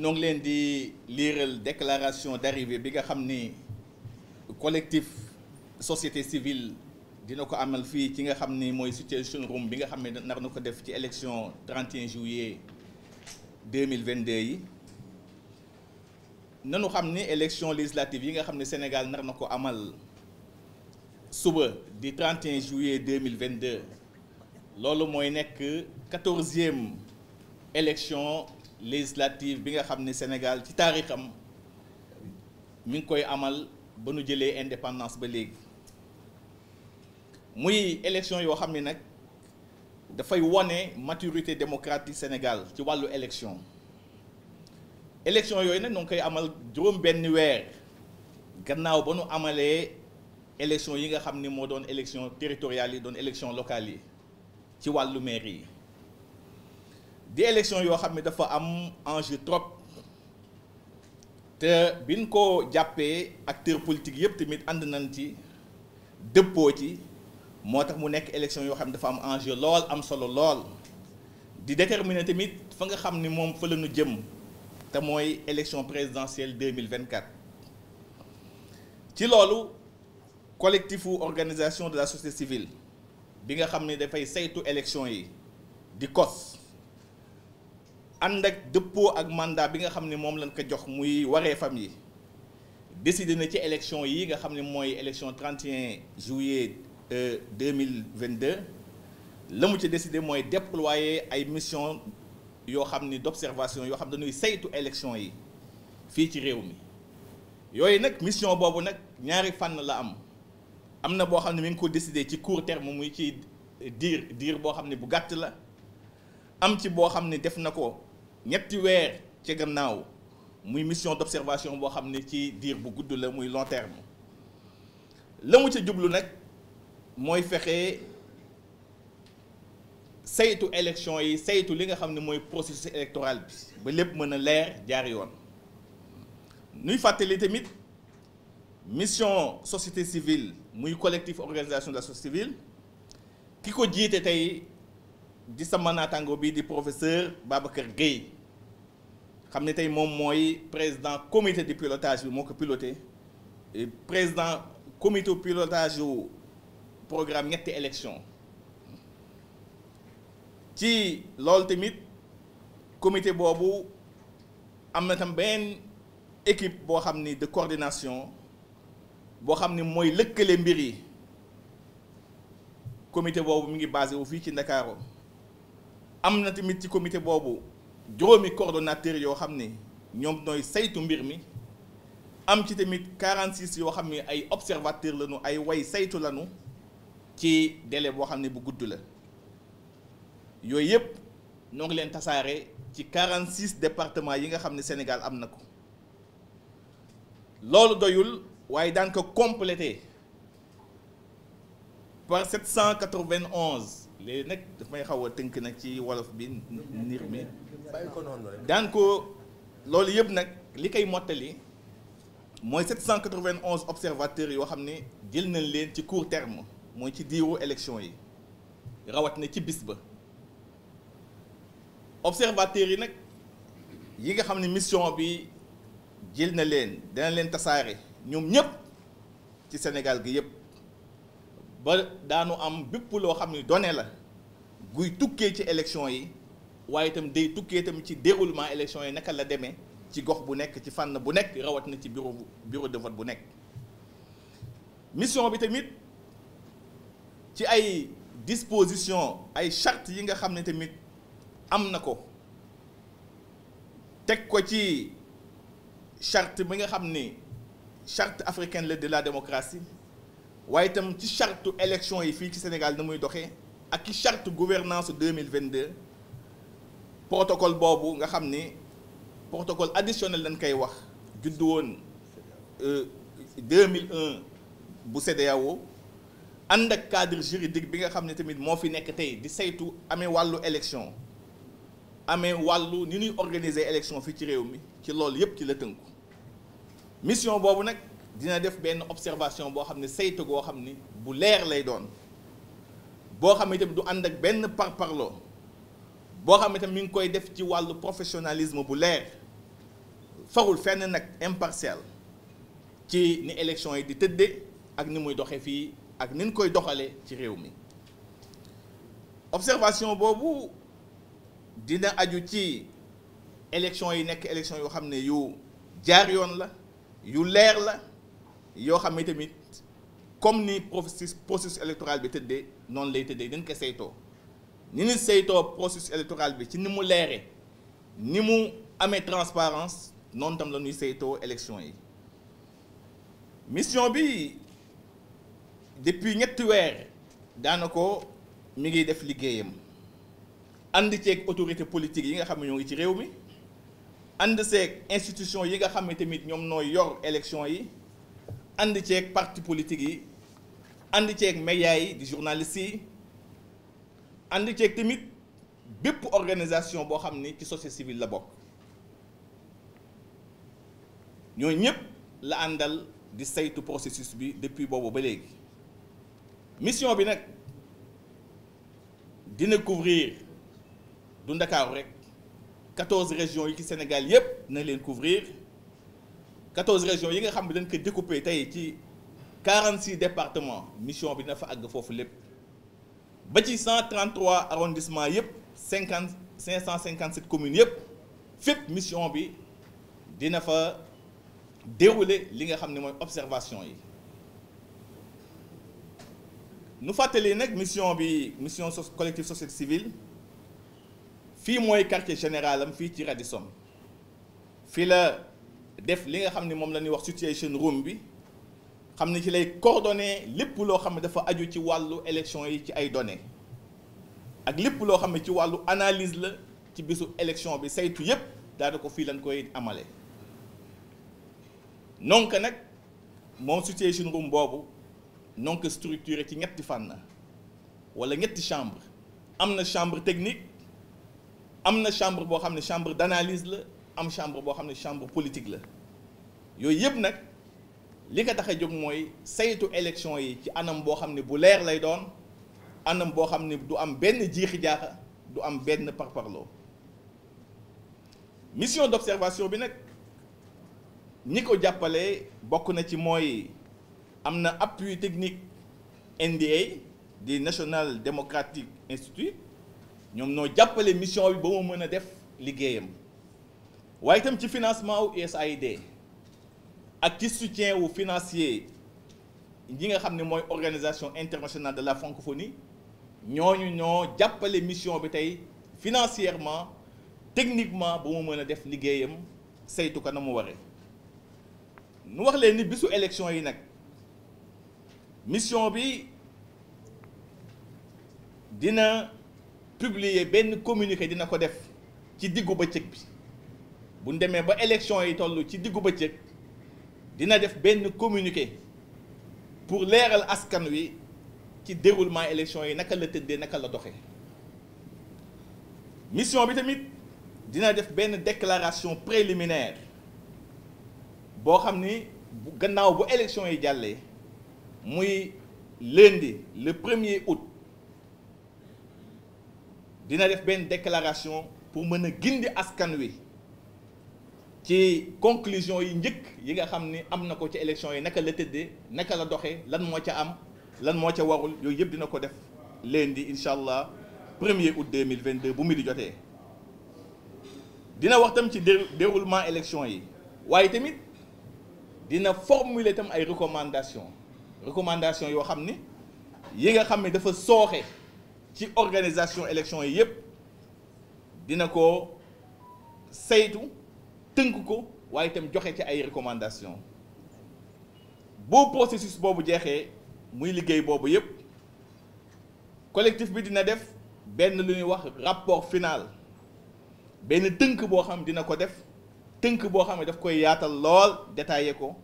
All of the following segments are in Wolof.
ñoo ngi leen di liiral déclaration d'arrivée bi nga xam ni collectif société civile dina ko amal fii ci nga xam ni mooy situation room bi nga xam ne nar na ko def ci élection 31 juillet 2022 yi nanu xam ni élection législative yi nga xam ne Sénégal nar na ko amal suba di 31 juillet 2022 loolu mooy nekk quatorzième élection législative bi nga xam ne Sénégal ci taarixam mi ngi koy amal ba nu jëlee indépendance ba léegi muy élection yoo xam ni nag dafay wone maturité démocratique Sénégal ci wàllu élection élection yooyu nag ñoo ngi koy amal juróom benn weer gannaaw ba nu amalee élection yi nga xam ni moo doon élection territoriales yi doon élection locales yi ci wàllu mairie yi di élection yoo xam ne dafa am enjeu trop te bi biñ ko jàppee acteurs politiques yëpp tamit ànd nañ ci dëppoo ci moo tax mu nekk élection yoo xam ne dafa am enjeu lool am solo lool di déterminer tamit fa nga xam ni moom fa la jëm te mooy élection présidentielle 2024 ci loolu collectif organisation de la société civile bi nga xam ne dafay saytu élection yi di kos ànd ak dëppoo ak mandat bi nga xam ne moom lañ ko jox muy waree fam yi décidé na ci élection yi nga xam ne mooy élection 31 juillet 2022 euh, la mu ci décidé mooy déployer ay mission yoo xam ni d'observation yoo xam ne dañuy saytu élection yi fii ci réew mi yooyu nag mission boobu nag ñaari fànn la am am na boo xam ne mi ngi ko décidé ci court terme muy ci diir diir boo xam ne bu gàtt la am ci boo xam ne def na ko ñetti weer ci gannaaw muy mission d'observation boo xam ne ci diir bu gudd la muy long terme la mu jublu nag mooy fexe saytu élection yi saytu li nga xam ne mooy processus électoral bi ba lépp mën a leer jaar yoon nuy fàttali tamit mission société civile muy collectif organisation de la société civile ki ko jiite tey di sama naataango bi di professeur Babacar Gueye xam ne tey moom mooy président comité de pilotage bi moo ko piloté président comité pilotage yu programme ñetti élection ci loolu tamit comité boobu am na tam benn équipe boo xam ni de coordination boo xam ni mooy lëkkale mbir yi comité boobu mi ngi basé wu fii ci Ndakaaru am na tamit ci comité boobu juróomi coordonnateur yoo xam ne ñoom ñooy saytu mbir mi am ci tamit 46 yoo xam ne ay observateur lañu ay way saytu lañu ci délai boo xam ne bu gudd la yooyu yëpp ñoo ngi leen tasaare ci 46 départements yi nga xam ne Sénégal am na ko loolu doyul waaye daan ko complété par 791 léegi nag daf may xaw a tënk nag ci wolof bi niir mi donc loolu yëpp nag li koy mottali mooy 791 observateurs yoo xam ne jël nañ leen ci court terme mooy ci diiru élection yi rawat na ci bis ba observateurs yi nag yi nga xam ne mission bi jël na leen dana leen tasaare ñoom ñëpp ci Sénégal gi yëpp ba daanu am bépp loo xam ne donné la guy tukkee ci élection yi waaye itam day tukkee itam ci déroulement élection yi naka la demee ci gox bu nekk ci fànn bu nekk rawat na ci bureau bureau de vote bu nekk mission bi tamit ci ay disposition ay charte yi nga xam ne tamit am na ko teg ko ci charte bi nga xam ni charte africaine la de la démocratie waaye itam ci charte élection yi fii ci Sénégal na muy doxee ak ci charte gouvernance 2022 protocole boobu nga xam ni protocole additionnel dañ koy wax juddu woon 2001 euh, bu CEDEAO ànd ak cadre juridique bi nga xam ne tamit moo fi nekk tey di saytu amee wàllu élection amee wàllu ni ñuy organiser élection fii ci réew mi ci loolu yépp ci la tënku mission boobu nag dina def benn observation boo xam ne saytu goo xam ni bu leer lay doon boo xam ne tamit du ànd ak benn par parlo boo xam ne tam mi ngi koy def ci wàllu professionnalisme bu leer farul fenn nag impartial ci ni élection yi di tëddee ak ni muy doxee fii ak nin koy doxalee ci réew mi observation boobu dina aju ci élection yi nekk élection yoo xam ne yu jaar yoon la yu leer la yoo xam ne tamit comme ni processus processus électoral bi tëddee noonu lay tëddee dañ ko saytoo ni ñu seytoo processus électoral bi ci ni mu leere ni mu amee transparence noonu tam la ñuy saytoo élection yi mission bi depuis ñetti weer daanako mu ngi def liggéeyam ànd ceeg autorité politique yi nga xam ne ñoo ci réew mi ànd ceeg yi nga xam ne ñoom nooy yor élection yi ànd ceeg parti politique yi ànd ceeg média yi di journalistes yi ànd ceeg tamit bépp organisation boo xam ni ci société civile la bokk ñoo ñëpp la àndal di saytu processus bi depuis boobu ba léegi mission bi nag dina couvrir du Ndakaaru rek quatorze régions yi ci Sénégal yëpp na leen couvrir quatorze régions yi nga xam ne dañ ko découper tey ci quarante six départements mission bi na fa àgg foofu lépp ba ci 133 arrondissement yëpp 50 557 communes yëpp fépp mission bi dina fa dérouler li nga xam ne mooy observation yi nu fàttali nag mission bi mission collectif société civile fii mooy quartier général am fii ci Radisson fii la def li nga xam ne moom la ñuy wax situation room bi xam ne ci lay coordonné lépp loo xam ne dafa aju ci wàllu élection yi ci ay données ak lépp loo xam ne ci wàllu analyse la ci bisu élection bi saytu yépp daana ko fii lañ koy amale donc nag moom situation room boobu donc structuré ci ñetti fànn wala ñetti chambre am na chambre technique am na chambre boo xam ne chambre d'analyse la am chambre boo xam ne chambre politique la yooyu yëpp nag li ko tax a jóg mooy saytu élection yi ci anam boo xam ne bu leer lay doon anam boo xam ne du am benn jiixi jaaxa du am benn parparloo mission d'observation bi nag ñi ko jàppale bokk na ci mooy am na appui technique NDA di National Democratic Institute ñoom noo jàppale mission bi ba mu mën a def liggéeyam waaye itam ci financement wu USAID ak ci soutien wu financier ñi nga xam ne mooy organisation internationale de la francophonie ñooñu ñoo jàppale mission bi tey financièrement techniquement bu mu mën a def liggéeyam saytu ko na mu waree nu wax leen ni bisu élection yi nag mission bi dina publier benn communiquer dina ko def ci diggu bëccëg bi bu ñu demee ba élection yi toll ci diggu bëccëg. dina def benn communiqué pour leeral askan wi ci déroulement élection yi naka la tëddee naka la doxe mission bi tamit dina def benn déclaration préliminaire boo xam ni bu gannaaw bu élection yi jàllee muy lundi le premier août dina def benn déclaration pour mën a gindi askan wi ci conclusion yi njëkk yi nga xam ni am na ko ci élection yi naka la tëddee naka la doxee lan moo ca am lan moo ca warul yooyu yëpp dina ko def leen di incha allah premier août 2022 bu mu di jotee dina wax tam ci déroulement élection yi waaye tamit dina formuler tam ay recommandation recommandation yoo xam ni yi nga xam ni dafa sooxe ci organisation élection yi yëpp dina ko saytu tënk ko waaye itam joxe ci ay recommandations boo processus boobu jeexee muy liggéey boobu yépp collectif bi dina def benn lu ñuy wax rapport final benn tënk boo xam dina ko def tënk boo xam ne daf koy yaatal lool détaillé ko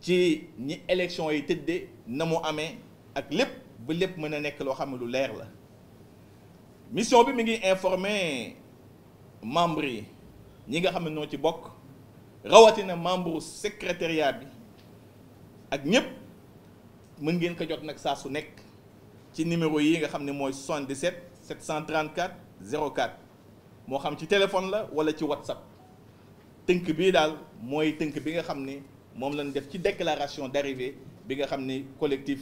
ci ñi élection yi tëddee na mu amee ak lépp ba lépp mën a nekk loo xam ne lu leer la mission bi mu ngi informer membre yi. ñi nga xam ne noo ci bokk rawatina membre secrétariat bi ak ñëpp mën ngeen ko jot nag saa su nekk ci numéro yi nga xam ne mooy 77 734 04 moo xam ci téléphone la wala ci whatsapp tënk bii daal mooy tënk bi nga xam ne moom lañ def ci déclaration d'arrivée bi nga xam ne collectif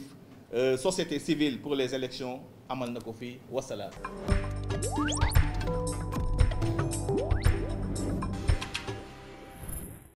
euh, société civile pour les élections amal na ko fii wasalaam